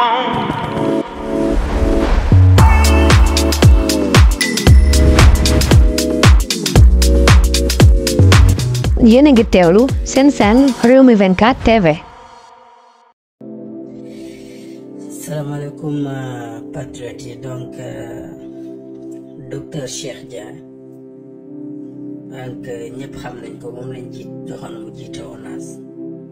yéen a ngi sen sen seen Rewmi 24 TV. salaamaaleykum uh, patriotes yi donc uh, docteur Cheikh Dia donc ñëpp uh, xam nañ ko moom lañ ci joxoon mu jiite ONAS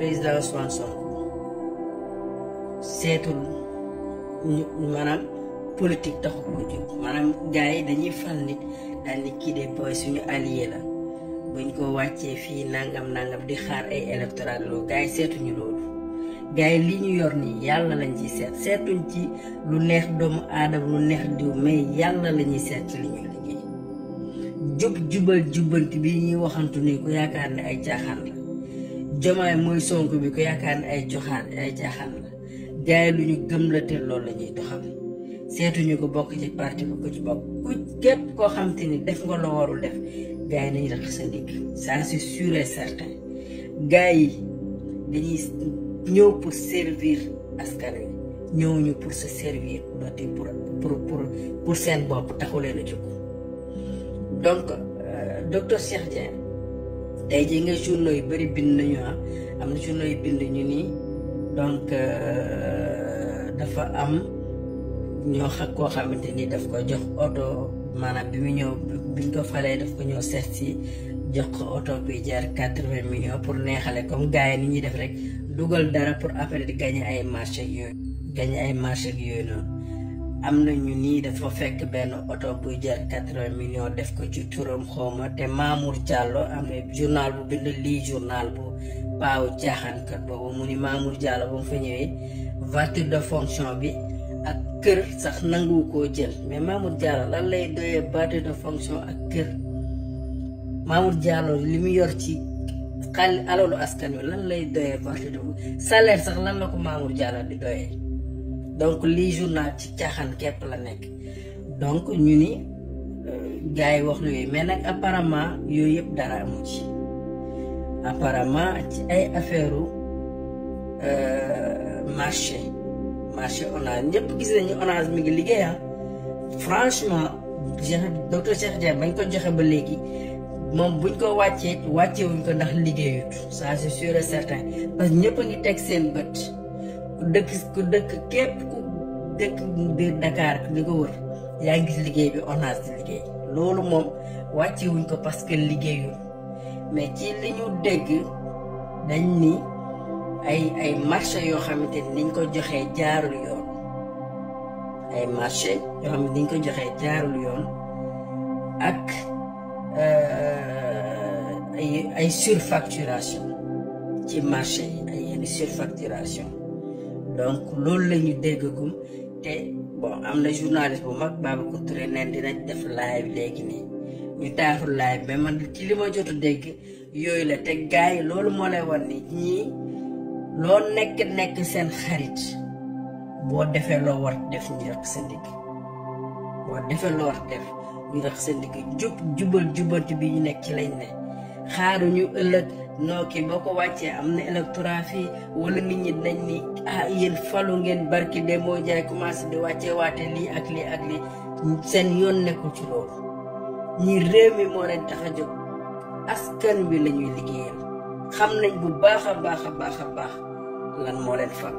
président Ousmane Sonko seetul ñu maanaam politique taxu ko jóg maanaam gars yi dañuy fal nit daal ni kii de booy suñu allié la buñ ko wàccee fii nangam nangam di xaar ay électoral loolu gars yi seetuñu loolu gars li ñu yor ni yàlla lañ ciy seet seetuñ ci lu neex doomu aadama lu neex diw mais yàlla la ñuy seet ci li ñuy liggéey jub jubal jubanti bi ñuy waxantu ni ku yaakaar ne ay caaxaan la jomaay mooy sonk bi ko yaakaar ne ay joxaan ay jaaxaan la gars lu ñu gëm la te loolu la ñuy doxal ko bokk ci parti bi ci bokk képp koo xam te ni def nga loo warul def gars yi nañ sa ndigg ça c'est sûr et certain yi dañuy ñëw pour servir askan wi ñëw ñu pour se servir doote pour pour pour pour seen bopp taxulee na jóg donc euh, docteur Cheikh tay ji nga journaux yi bari bind nañu ha ah. amna journaux yi bind ñu ni donc euh, dafa am ño xak ko xamanteni daf ko jox auto manam bi mi ñew biñ ko falé daf ko ñew seet si jox ko auto bi jaar 80 millions pour neexalé comme gaay ni ñi def rek dugal dara pour après di gagner ay marché ak yooyu gagner ay marché ak yooyu noonu am na ñu nii dafa fekk benn oto buy jar quatre-vingts millions def ko ci turam xawma te Mamour Diallo am na journal bu bind lii journal bu paaw jaaxaankat boobu mu ni Mamour Diallo ba fa ñëwee voiture de fonction bi ak kër sax nangu ko jël mais Mamour Diallo lan lay doyee voiture de fonction ak kër Mamour Diallo li mu yor ci xal alalu askan bi lan lay doyee voiture de salaire sax lan la ko Mamour Diallo di doyee donc li journal ci caaxaan képp la nek donc ñu ni euh, gaay wax lu yooyu mais nak apparemment yooyu yëpp dara amu ci apparemment ci ay affaire euh, marché marché Onas ñëpp gis nañu onage mi ngi liggéey ah. franchement Cheikh docteur Cheikh Dieng bañ ko joxe ba légui moom buñ ko wàccee wuñ ko ndax liggéeyut ça c'est sûr et certain parce que ñëpp a ngi teg seen bët. ku dëkk ku dëkk képp ku dëkk biir Dakar li ko wër yaa ngi liggéey bi ONAS di liggéey loolu moom wàcce wuñ ko parce que liggéeyul mais ci li ñu dégg dañ ni ay ay marché yoo xamante ni niñ ko joxee jaarul yoon ay marché yoo xam jaarul yoon ak euh, ay ay surfacturation ci marché yi ay yenn surfacturation donc loolu la ñu déggagum te bon am na journaliste bu mag Babacar Touré neen dinañ def live léegi nii ñu taaxul live mais man ci li ma jotu dégg yooyu la te gars yi loolu moo lay wan ni ñii loo nekk nekk seen xarit boo defee loo war def ñu rëq sa ndigg jubal jubanti bi ñu nekk ci lañ ne xaaruñu ëllëg noo kii boo ko wàccee am na électorat fii wala nit ñi dañ ni ah yéen falu ngeen barki de moo jaay commencé di wàccee waate lii ak lii ak lii seen yoon nekkul ci loolu ñi réew mi moo leen tax a jóg askan wi la ñuy xam nañ bu baax a baax a baax a baax lan moo leen fal